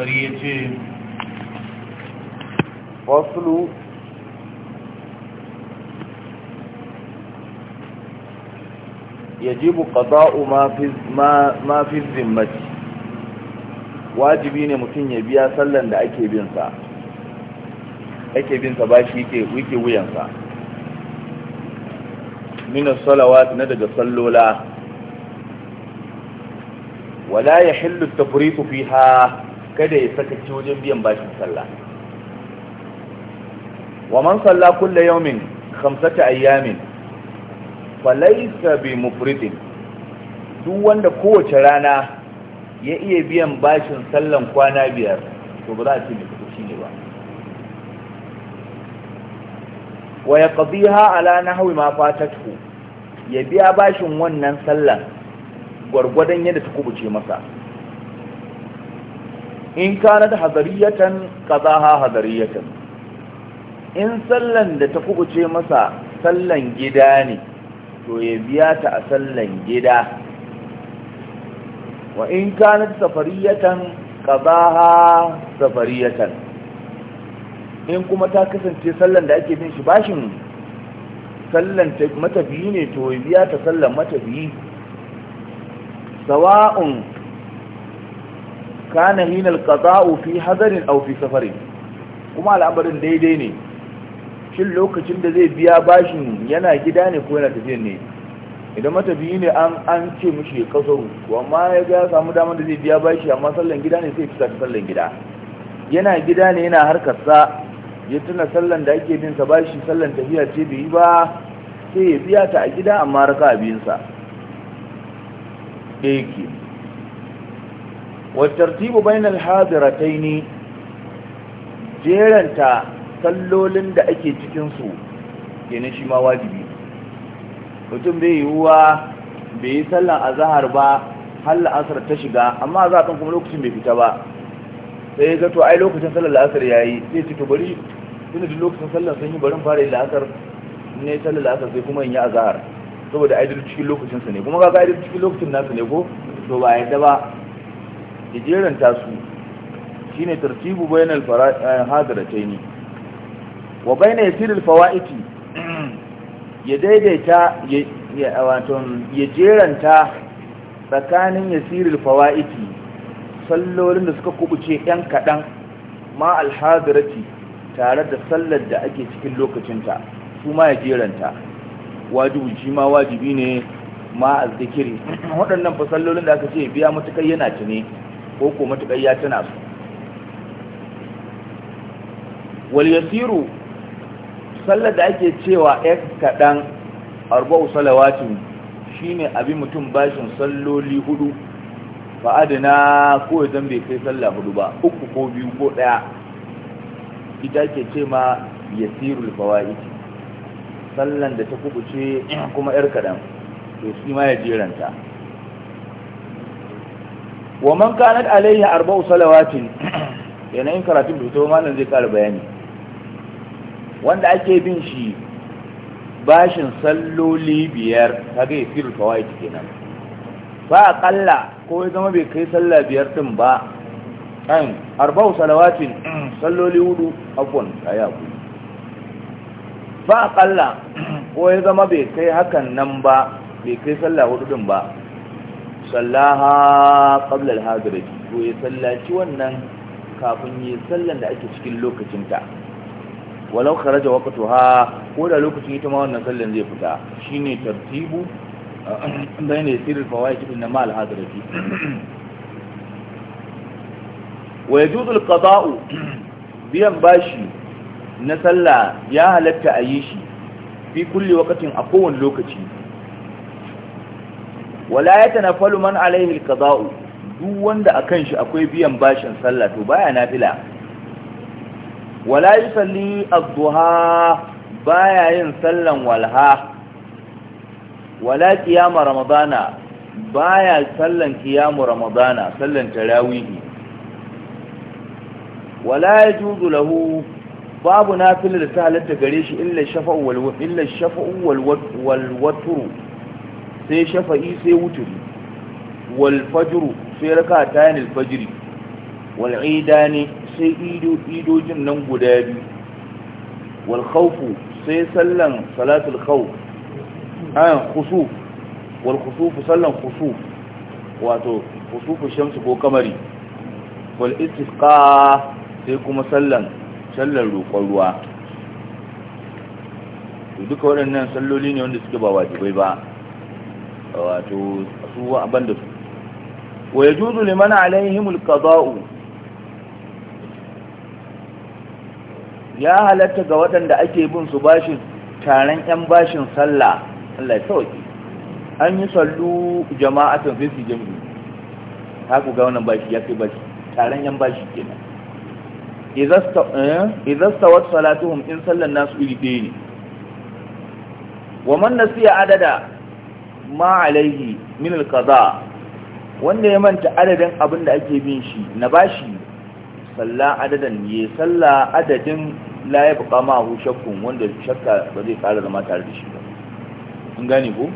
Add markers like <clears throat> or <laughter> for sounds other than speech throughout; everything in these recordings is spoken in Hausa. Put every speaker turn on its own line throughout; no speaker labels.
askari ya ce faslu yajibu qada'u ma fi zimmati wajibi ne mutum ya biya sallan da ake bin sa ake bin sa bashi yake wike wuyan sa min as-salawat na daga sallola wala yahillu at-tafriqu fiha kada ya sakaci wajen biyan bashin sallah wa man salla kulla yawmin khamsata ayyamin laysa bi mufridin duk wanda kowace rana ya iya biyan bashin sallan kwana biyar to ba za a ce mai kuɗi ne ba wa ya qadiha ala nahwi ma fatatku ya biya bashin wannan sallan gwargwadon yadda ta kubuce masa in da hadariyatan qadaha hadariyatan in sallan da ta kubuce masa sallan gida ne to ya biya ta a sallan gida wa in da safariyatan qadaha safariyatan in kuma ta kasance sallan da ake bin shi bashin sallan matafiyi ne to ya biya ta sallan matafiyi sawa'un kana hinal qada'u fi hadarin aw fi safarin kuma al'amarin daidai ne shin lokacin da zai biya bashin yana gida ne ko yana tafiya ne idan matafiyi ne an an ce mushi ya kasaru to amma ya ga samu damar da zai biya bashi amma sallan gida ne sai fita sallan gida yana gida ne yana harkar sa ya tuna sallan da ake bin sa bashi sallan tafiya ce bai yi ba sai ya biya ta a gida amma raka abin sa yake wattartibu bainal hadirataini jeranta sallolin da ake cikin su kenan shi ma wajibi mutum bai yiwuwa bai yi sallan azhar ba har la'asar ta shiga amma za kan kuma lokacin bai fita ba sai ga to ai lokacin sallar la'asar yayi sai ci to bari tunda duk lokacin sallar sun yi barin fara yin la'asar ne sallar la'asar sai kuma in yi azhar saboda ai duk cikin lokacin sa ne kuma ga ga cikin lokacin nasu ne ko to ba yadda ba ya jeranta su shine tartibu bainal eh, hadirataini wa baina yasiril fawaiti ya daidaita ya wato ya jeranta tsakanin yasiril fawaiti sallolin da suka kubuce yan kadan ma alhadirati tare da sallar da ake cikin lokacinta su ma ya jeranta wajibi shi ma wajibi ne ma azzikiri <clears throat> waɗannan fasallolin da aka ce biya mutukar yana ci ne ko ko matukar ya tuna su wal sallar da ake cewa ya kaɗan arba'u salawatin shine abin mutum bashin salloli hudu ba adana ko ya bai kai sallar hudu ba uku ko biyu ko ɗaya ita ke ce ma yasirul fawaid sallan da ta kubuce kuma yar kaɗan to shi ma ya jeranta wa man kanat alaihi arba'u salawatin yanayin karatun da fito malam zai kara bayani wanda ake bin shi bashin salloli biyar kaga ya cike nan, ba a kalla ko ya zama bai kai salla biyar din ba an arba'u salawatin salloli hudu yi ayi ku a kalla ko ya zama bai kai hakan nan ba bai kai salla hudu din ba sallaha qabla al-hadirati ko ya sallaci wannan kafin yi sallan da ake cikin lokacinta walau kharaja waqtuha ko da lokacin ita ma wannan sallan zai fita shine tartibu <clears throat> bayna sirr fawaid na ma al-hadirati wa yajuzu al-qada'u biyan bashi na sallah ya halatta a fi kulli waqtin a kowane lokaci wala ya tanaffalu man alaihi alqada'u duk wanda akan shi akwai biyan bashin sallah to baya nafila wala yusalli adh-dhuha baya yin sallan walha wala qiyama ramadana baya sallan qiyamu ramadana sallan tarawihi wala yajuzu lahu babu nafilar ta halatta gare shi illa shafa'u wal illa shafa'u wal sai shafa'i sai wuturi wal fajru sai raka tayin al fajri wal idani sai idojin nan guda biyu wal khawfu sai sallan salatul khawf an ah, khusuf wal khusuf sallan khusuf wato khusufu shamsu ko kamari wal istisqa sai kuma sallan sallan roƙon ruwa duka waɗannan salloli ne wanda suke ba wajibai ba wato su abin da su wa ya juzu liman alaihim qada'u ya halatta ga waɗanda ake bin su bashin taron yan bashin sallah Allah ya sauki an yi sallu jama'atan sai su jami'u ta ku ga wannan bashi ya kai bashi taron yan bashi kenan idza stawat eh, salatuhum in sallan nasu iri ɗaya ne wa man nasiya adada ma alaihi min alqada wanda ya manta adadin abin da ake bin shi na bashi salla adadan ya salla adadin la ya buƙa ma hu shakkun wanda shakka ba zai fara zama tare da shi ba an gane ko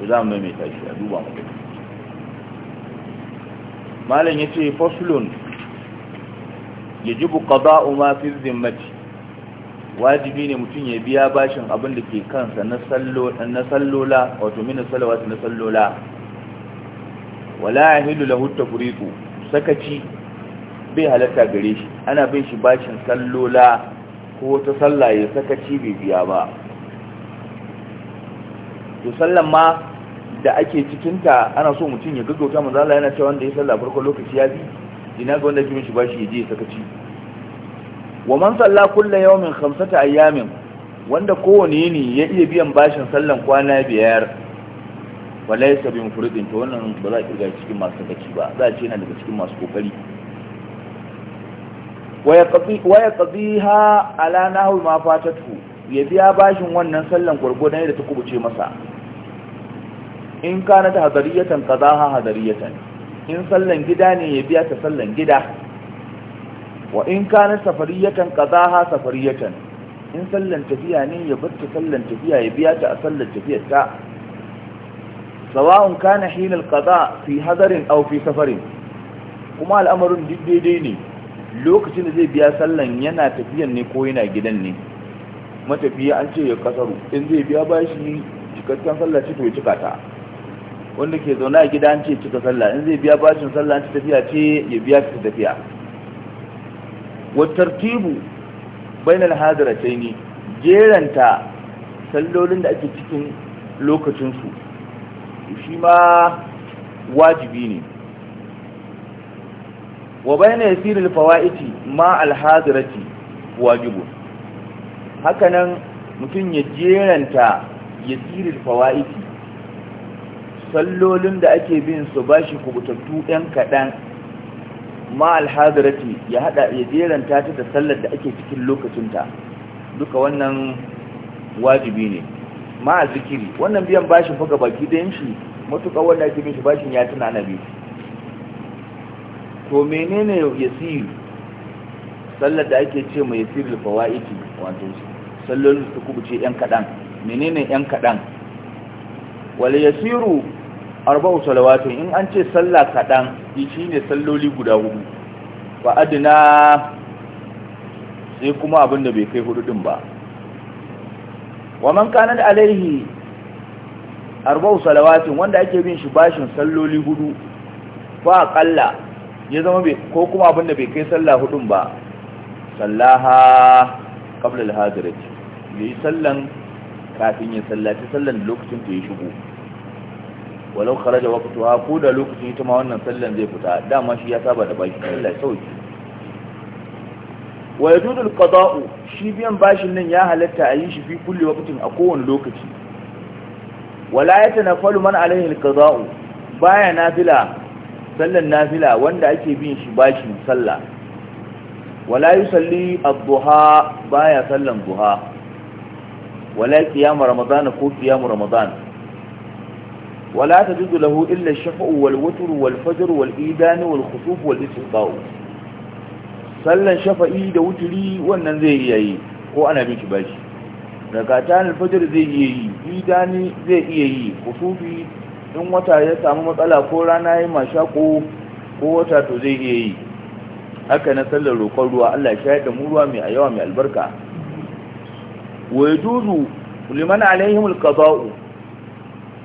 ba za mu maimaita shi a duba mu malam yace faslun yajibu qada'u ma fi zimmati wajibi ne mutum ya biya bashin abin da ke kansa na sallola wato mini salawatu na sallola wala ya hilu lahuta tafriqu sakaci bai halatta gare shi ana bin shi bashin sallola ko ta sallah sakaci bai biya ba to sallan ma da ake cikinta ana so mutum ya gaggauta manzala yana cewa wanda ya sallah farko lokaci ya bi ina ga wanda ke bin shi bashi ya je sakaci wa man salla kullu yawmin khamsata ayyamin wanda kowane ne ya iya biyan bashin sallan kwana biyar walaysa bi mufridin to wannan ba za a kirga cikin masu sakaci ba za a ce yana daga cikin masu kokari waya qadiha ala nahu ma fatatu ya biya bashin wannan sallan gurgudan da ta kubuce masa in kana ta hadariyatan qadaha hadariyatan in sallan gida ne ya biya ta sallan gida wa in kana safariyatan qadaha safariyatan in sallan tafiya ne ya bar sallan tafiya ya biya ta a sallan tafiyar ta sawa'un kana hina alqada fi hadarin aw fi safarin kuma al'amarin duk daidai ne lokacin da zai biya sallan yana tafiyan ne ko yana gidan ne matafiya an ce ya kasaru in zai biya bashi cikakken sallah ce to ya cika ta wanda ke zaune a gida an ce cika sallah in zai biya bashin sallah ce tafiya ce ya biya ta tafiya wattartibu bainal ne jeranta sallolin da ake cikin lokacinsu, su shi ma wajibi ne wa baina yasirin fawaiti ma alhadirati wajibu hakanan mutum ya jeranta yasiril fawaiti sallolin da ake bin su bashi kubutattu ɗan kaɗan Ma'al alhadarati ya hada ya jeranta ta da sallar da ake cikin lokacinta duka wannan wajibi ne ma zikiri wannan biyan bashin fuka baki da yinshi matuƙa wanda ake bashin ya tuna nabi to menene yasir sallar da ake ce mai yasir fawaiti wato da su kubuce yan kadan menene yan kadan wal yasiru arba'u salawatin in an ce sallah kaɗan shi ne salloli guda hudu ba adina sai kuma abin da bai kai hudu ɗin ba wa man kana da alaihi arba'u salawatin wanda ake bin shi bashin salloli hudu ko aƙalla ya zama ko kuma abin da bai kai sallah hudun ba sallaha qabla da yi sallan kafin ya sallaci sallan lokacin da ya shigo walau kharaja waqtuha ko da lokaci ita ma wannan sallan zai fita dama shi ya saba da bashi Allah ya sauke wa yajudu alqada'u shi biyan bashin nan ya halatta a yi shi fi kulli waqtin a kowane lokaci wala yatanaffalu man alaihi alqada'u baya nafila sallan nafila wanda ake bin shi bashin sallah wala yusalli ad-duha baya sallan duha wala qiyam ramadan ko qiyam ramadan ولا تجد له إلا الشفع والوتر والفجر والإيدان والخصوف والاستقضاء sallan shafa'i da wuturi wannan zai iya yi ko ana miki bashi rakatan alfajr zai iya yi idani zai iya yi kusufi in wata ya samu matsala ko rana ya mashako ko wata to zai iya yi haka na sallar roƙon ruwa Allah ya shayar da mu ruwa mai ayawa mai albarka wa yajuzu liman alaihim alqada'u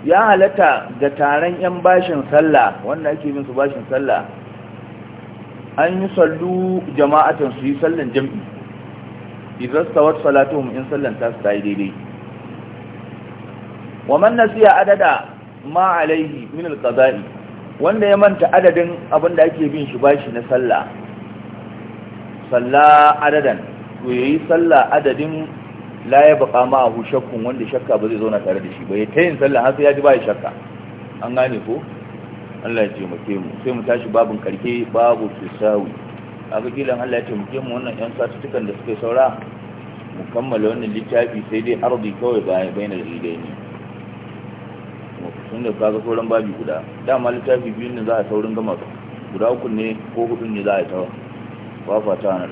ya halatta ga taron 'yan bashin sallah wanda ake min su bashin sallah an yi sallu jama'atan su yi sallan jam'i idan salatu salatuhum in sallan ta su ta yi daidai wa man nasiya adada ma alaihi min alqada'i wanda ya manta adadin abin da ake bin shi bashi na sallah sallah adadan to yayi sallah adadin la ya baka ma a shakkun wanda shakka ba zai zauna tare da shi ba ya tayin sallah har sai ya ji ba ya shakka an gane ko Allah ya taimake mu sai mu tashi babun karke babu tisawi aka gilan Allah ya taimake mu wannan yan satutukan da suka saura mu kammala wannan littafi sai dai arzi kawai baya bayanar lidai ne sun da kaga sauran babi guda dama littafi biyu ne za a saurin gama guda uku ne ko hudu ne za a tawa ba fata na